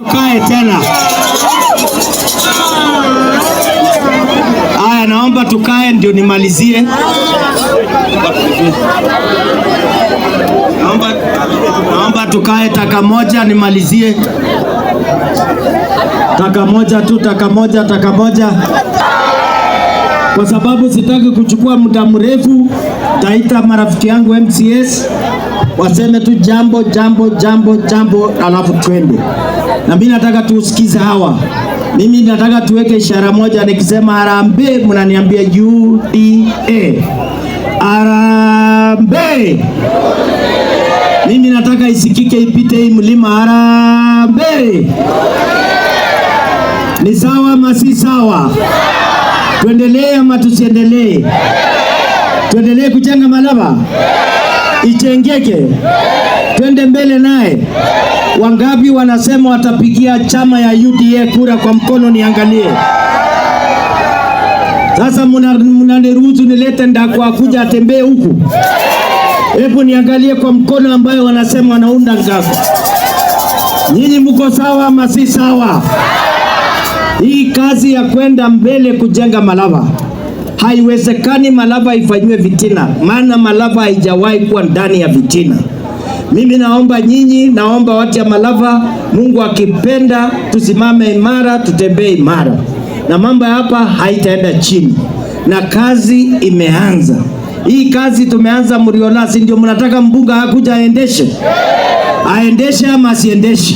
Tukae tena. Aya, naomba tukae ndio nimalizie. Naomba, naomba tukae taka moja nimalizie. Taka moja tu, taka moja, taka moja. Kwa sababu sitaki kuchukua muda mrefu, taita marafiki yangu MCS waseme tu jambo jambo jambo jambo, alafu twende. Na mimi nataka tuusikize hawa. Mimi nataka tuweke ishara moja, nikisema arambe, mnaniambia UDA. arambe. Mimi nataka isikike, ipite hii mlima. arambe. Ni sawa ama si sawa? Tuendelee ama tusiendelee? Tuendelee kujenga Malava ichengeke, twende mbele naye. Wangapi wanasema watapigia chama ya UDA kura? Kwa mkono niangalie. Sasa mnaniruhusu nilete ndakwa kuja atembee huku? Hebu niangalie kwa mkono ambayo wanasema wanaunda ngapi. Nyinyi mko sawa ama si sawa? Hii kazi ya kwenda mbele kujenga Malava Haiwezekani Malava ifanyiwe vitina, maana Malava haijawahi kuwa ndani ya vitina. Mimi naomba nyinyi, naomba watu ya Malava, Mungu akipenda, tusimame imara, tutembee imara, na mambo hapa haitaenda chini, na kazi imeanza. Hii kazi tumeanza, mliona, si ndio? Mnataka mbunga akuja aendeshe, aendeshe ama asiendeshe?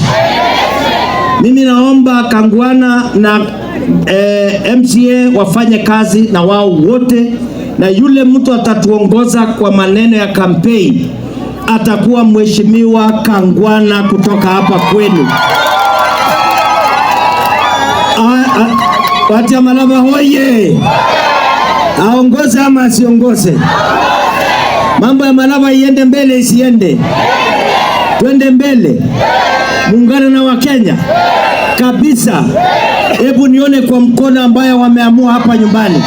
Mimi naomba Kangwana na eh, MCA wafanye kazi na wao wote, na yule mtu atatuongoza kwa maneno ya kampeni atakuwa mheshimiwa Kangwana kutoka hapa kwenu. Wachamalaba ah, hoye! Aongoze ama asiongoze? Mambo ya Malaba iende mbele isiende? twende mbele, muungane na Wakenya kabisa. Hebu nione kwa mkono ambayo wameamua hapa nyumbani,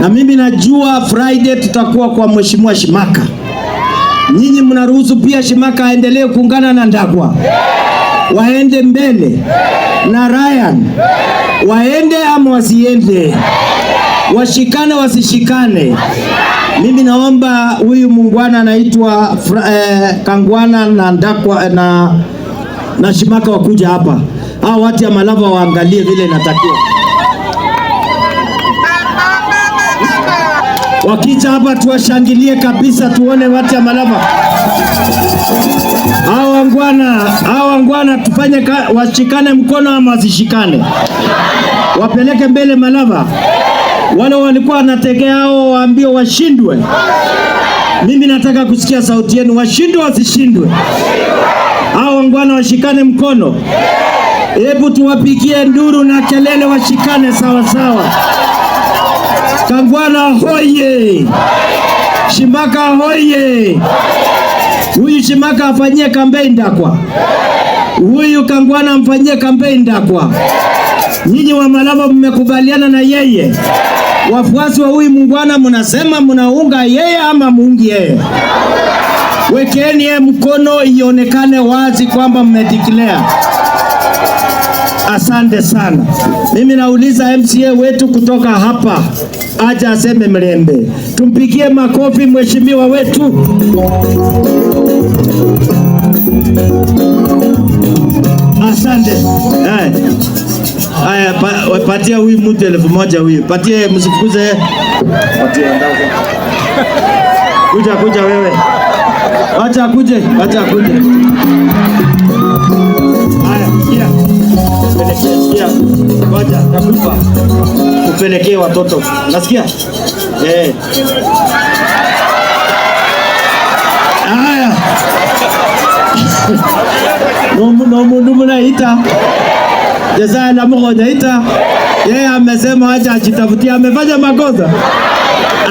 na mimi najua Friday tutakuwa kwa mheshimiwa Shimaka. Nyinyi mnaruhusu pia Shimaka aendelee kuungana na Ndagwa waende mbele na Ryan waende ama wasiende, washikane wasishikane. Mimi naomba huyu mungwana anaitwa eh, Kangwana na Ndakwa eh, na, na Shimaka wakuja hapa, hao watu ya Malava waangalie vile inatakiwa. Wakija hapa tuwashangilie kabisa, tuone watu ya Malava hao wangwana, hao wangwana tufanye, washikane mkono ama wasishikane, wapeleke mbele Malava wale walikuwa wanategea hao waambie washindwe. Mimi nataka kusikia sauti yenu, washindwe wasishindwe? Hao wangwana washikane mkono, hebu tuwapigie nduru na kelele, washikane sawa sawa. Kangwana hoye! Shimaka hoye! Huyu Shimaka afanyie kampeni Ndakwa, huyu Kangwana amfanyie kampeni Ndakwa. Nyinyi wa Malava mmekubaliana na yeye. Wafuasi wa huyu muungwana, mnasema mnaunga yeye ama muungi yeye? Wekeni ye mkono ionekane wazi kwamba mmedeclare. Asante sana. Mimi nauliza MCA wetu kutoka hapa aje aseme mrembe Tumpigie makofi mheshimiwa wetu. Asante. Hey. Eh. Haya, patia huyu mtu elfu moja huyu. Patie msifukuze. Patie Kuja kuja wewe. wacha kuje, wacha kuje. Haya, nakupa. Upelekee watoto. Nasikia? Eh. Haya. Nomu nomu nomu naita. Yesaya na Mungu hajaita yeye, amesema acha ajitafutie. Amefanya makosa,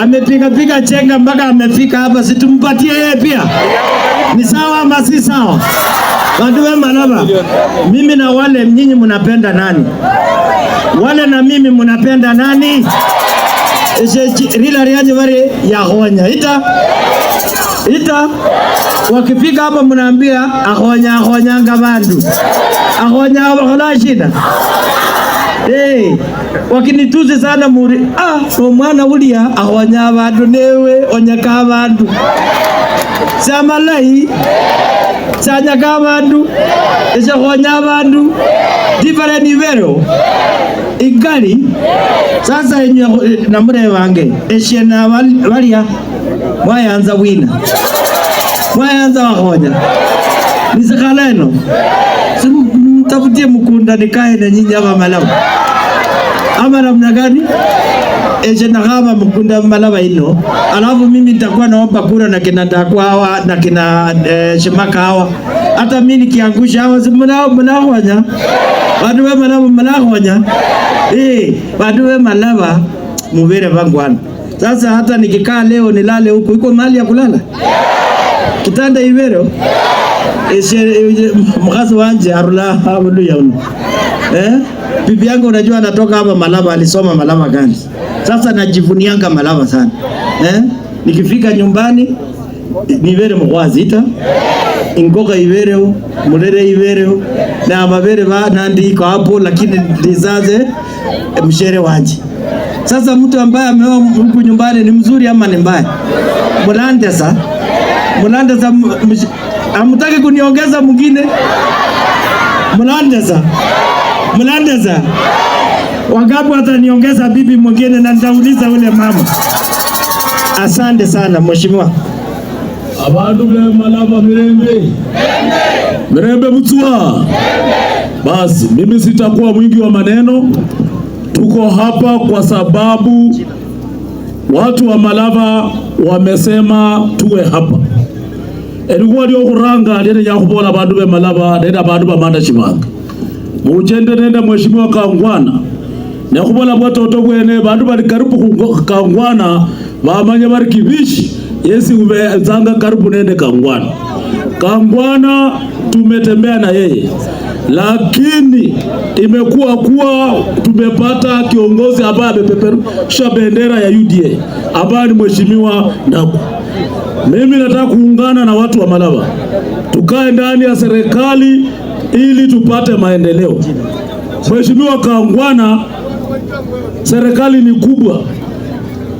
amepigapiga chenga mpaka amefika hapa, situmpatie yeye pia? Ni sawa ama si sawa? Watu wema naba, mimi na wale nyinyi mnapenda nani? Wale na mimi mnapenda nani? rila riaje ya yahonya ita ita wakifika hapa mnaambia ahonya ahonyanga bandu ahonya ahonya shida Hey, wakinituzi sana muri ah omwana ulia ahonya abandu newe onyaka abandu samalayi sanyaka abandu eshahonya abandu different ibero igali sasa enywe eh, namure bange eshena balia mwayanza bwina kwanza wahoja nizikaleno simtafutie mkunda nikae na nyinyi ama Malava ama namna gani? ecenahama mkunda Malava ilo, alafu mimi nitakuwa naomba kura na kina Ndakwa hawa na kina e, eh, Shimaka hawa, hata mimi nikiangusha hawa mnahonya bandu ba Malava mnahonya eh, bandu ba Malava mubere bangwana. Sasa hata nikikaa leo nilale huko, iko mali ya kulala yeah kitanda ibero mkazi wanje arula haleluya eh bibi yangu unajua anatoka hapa Malava alisoma Malava gani sasa najivunianga Malava sana eh nikifika nyumbani nivere mukwazita ingoka ivereo mulere ivereo na mavere vanandiko hapo, lakini lizaze mshere wanje. Sasa mtu ambaye ameoa huku nyumbani ni mzuri ama ni mbaya? sasa Mnaandaza, amtaki kuniongeza mwingine? Mnaandaza, mnaandaza wangapi wataniongeza bibi mwingine, na nitauliza ule mama. Asante sana mheshimiwa. Abantu bemalava mirembe mirembe mtua. Basi mimi sitakuwa mwingi wa maneno. Tuko hapa kwa sababu watu wa Malava wamesema tuwe hapa elikuwa lyo khuranga lyene lya khubola bandu be malaba nende bandu ba mandashi bange muchende nende mheshimiwa Kangwana ne khubola bwatoto bwene bandu bali karibu Kangwana bamanya bari kibishi yesi ubezanga karibu nende Kangwana. Kangwana tumetembea na yeye lakini imekuwa kuwa tumepata kiongozi ambaye amepeperusha bendera ya UDA ambaye ni mheshimiwa Ndaku. Mimi nataka kuungana na watu wa Malaba tukae ndani ya serikali ili tupate maendeleo. Mheshimiwa Kangwana, serikali ni kubwa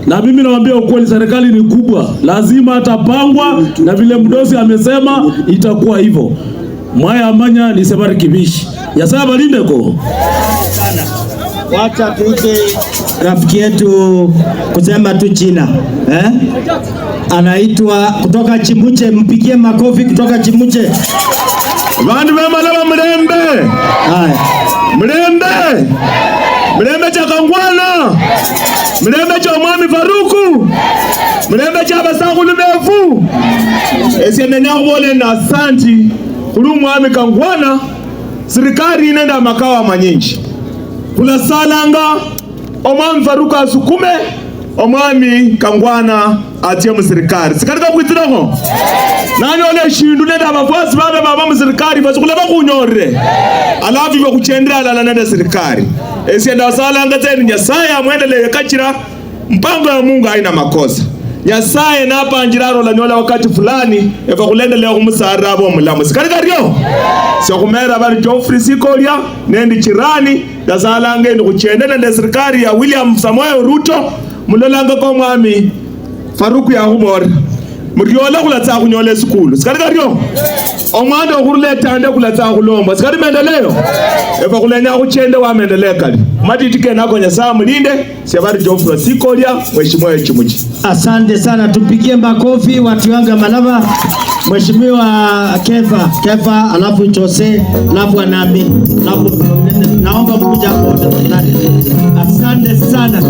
na mimi nawaambia ukweli, serikali ni kubwa, lazima atapangwa na vile mdosi amesema itakuwa hivyo mwaya amanya sebari kibishi saba lindeko sana. Wacha tuite rafiki yetu kusema tu China eh? Anaitwa kutoka Chimuche, mpigie makofi kutoka Chimuche. Vandu vema lava mlembe mrembe mrembe cha kangwana mrembe cha mwami Faruku mrembe cha vasangu livefu esienenyakhuvole na santi kuli ame kangwana serikali inenda makawa manyinji khulasalanga omwami faruka asukume omwami kangwana atie muserikari sikarika kwitirakho nanyola eshindu nende abafwasi babe baba muserikari basukula bakhunyorere alafu bakuchendera alala nende serikari esie ndasalanga tsene nyasaye amwendeleye kachira mpango ya mungu haina makosa nyasaye nyola wakati fulani evakhulendela khumusarira ava omulamusi kali karyo sekhumera vari Geoffrey sikolia nendi chirani ndasalanga endi khuchende nende serikali ya William samuel Ruto mulolanga ko mwami Faruku yakhumora muryola kulatsa khunyola esikulu sikali kario omwana okhurula etanda kulatsa khulomba sikali mendeleyo efe khulenya khuchende wa kali matiti kenako nyasaye mulinde syavali jofula sikolia mheshimiwa echimuchi asante sana tupigie makofi watu wanga malava mheshimiwa kefa kefa alafu chose alafu anami alafu naomba mkuja asante sana